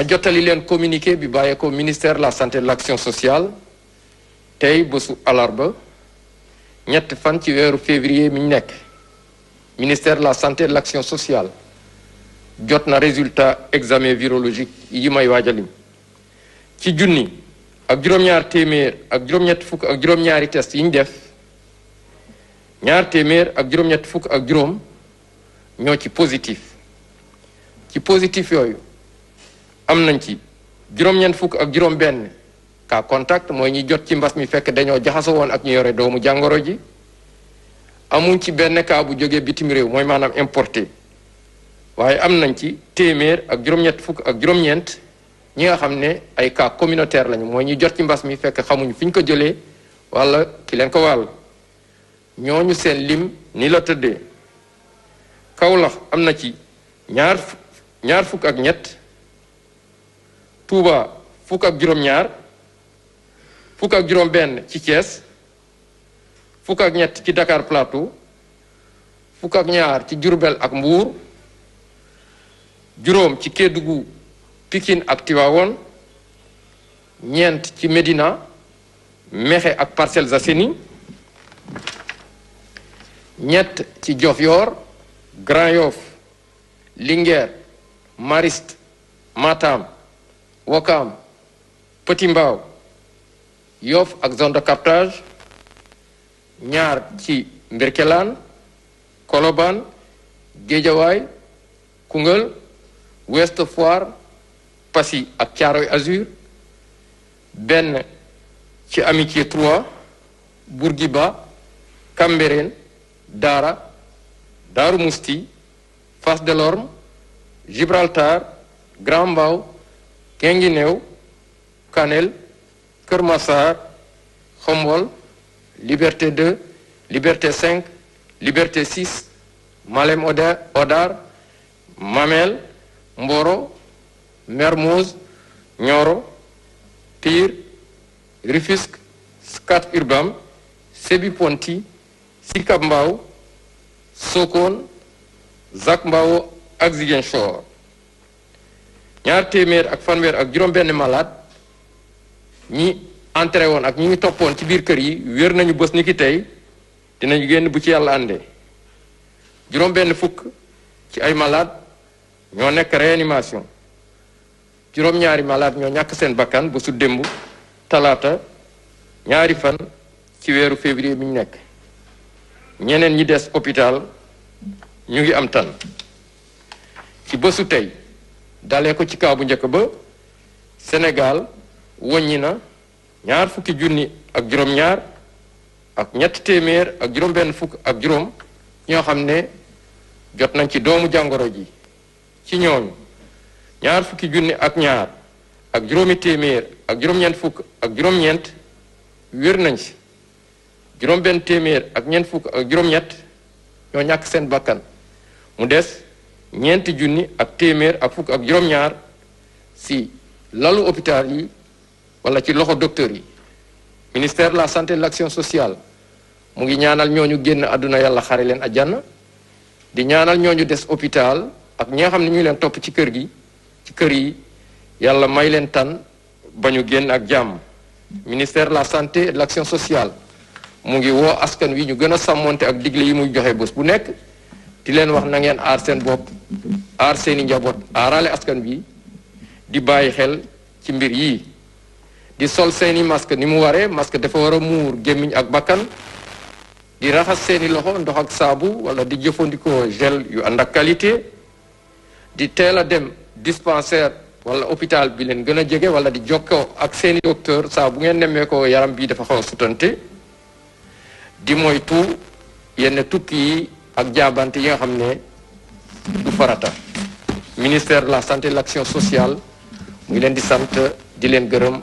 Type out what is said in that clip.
ma jottali leen communiqué bi bàyyeekoo ministère la santé et de l'action sociale tey bésu alarba ñett fan ci weeru février miñ nekk ministère de la santé et de l'action sociale jot na résultat examen virologique yi may waajalim ci junni ak juróom-ñaar ak juróom fukk ak juróom-ñaari test yi ñu def ñaar téeméer ak juróom-ñetti fukk ak juróom ñoo ci positif ci positif yooyu am nañ ci juróom-ñeent fukk ak juróom-benn cas contact mooy ñi jot ci mbas mi fekk dañoo jaxasoo woon ak ñu yore doomu jàngoro ji amuñ ci benn cas bu jógee bitim réew mooy maanaam importé waaye am nañ ci téeméer ak juróom fukk ak juróom-ñeent ñi nga xam ne ay cas communautaire lañu mooy ñi jot ci mbas mi fekk xamuñu fi ñu ko jëlee walla ki leen ko wàll ñoo ñooñu seen lim ni la tëddee Kawlax am na ci ñaar ñaar fukk ak ñett Touba fukk ak ñaar ci Thiès fukk ñett ci Dakar Plateau ak ñaar ci Diourbel ak Mbour juróom ci Kédougou Pikine ak Tivaouane ñeent ci Médina Mékhé ak Parcelles Assainies ñett ci Diofior Grand Yoff Linguère Mariste Matam Ouakam Petit Mbao Yoff ak zone de captage ñaar ci Mbirkelaan Colobane Géejawaay Koungheul Ouest Foire Passy ak Thiaroye Azur benn ci Amitié 3 Bourguiba Cambérène Dara Daaru Musti de Delorme Gibraltar Grand Mbao Guinguinéo Kanel Kër Massar Xombol Liberté 2 Liberté 5 Liberté 6 Malem Odar Mamel Mboro Mermoz Nioro Pire Rufisque Scat Urbam Sébi Ponty Sicap Mbao Sokone Zac ak Ziguinchor ñaar téeméer ak fanweer ak juróom-benn malade ñi entré woon ak ñi ñu toppoon ci biir kër yi wér nañu bës ni ki tey dinañu génn bu ci yàlla àndee juróom-benn fukk ci ay malade ñoo nekk réanimation juróom-ñaari malade ñoo ñàkk seen bakkan ba démb talaata ñaari fan ci weeru février bi ñu nekk ñeneen ñi des hôpital ñu ngi am tan ci bësu tey dalee ko ci kaw bu njëkk ba senegal wàññi na ñaar fukki junni ak juróom-ñaar ak ñetti téeméer ak juróom-benn fukk ak juróom ñoo xam ne jot nañ ci doomu jàngoro ji ci ñooñu ñaar fukki junni ak ñaar ak juróomi téeméer ak juróom-ñeent ak juróom-ñeent wér nañ si juróom-benn téeméer ak ñeent fukk ak juróom-ñett ñoo ñàkk seen bakkan mu des ñeenti junni ak téeméer ak fukk ak juróom-ñaar si lalu hôpital yi wala ci loxo docteur yi ministère la santé et de l'action sociale mu ngi ñaanal ñoo ñu génn àdduna yàlla xare leen àjjana di ñaanal ñoo ñu des hôpital ak ñi xam ne ñu leen topp ci kër gi ci kër yi yàlla may leen tan ba ñu génn ak jàmm ministère la santé de l'action sociale mu ngi woo askan wi ñu gën a sàmmonte ak digle yi muy joxe bés bu nekk di leen wax na ngeen aar seen bopp aar seeni njaboot aarale askan bi di bàyyi xel ci mbir yi di sol seeni masque ni mu waree masque dafa war a muur gémmiñ ak bakkan di raxas seeni loxo ndox ak saabu wala di jëfandikoo gel yu ànd ak qualité di teel a dem dispensaire wala hôpital bi leen gën a jege wala di jokkoo ak seeni docteur saa bu ngeen nemmee ko yaram bii dafa xaw a sutante di moytu yenn tukki yi ak jaabante yi nga xam ne du farata ministère de la santé et de l'action sociale mu ngi leen di sant di leen gërëm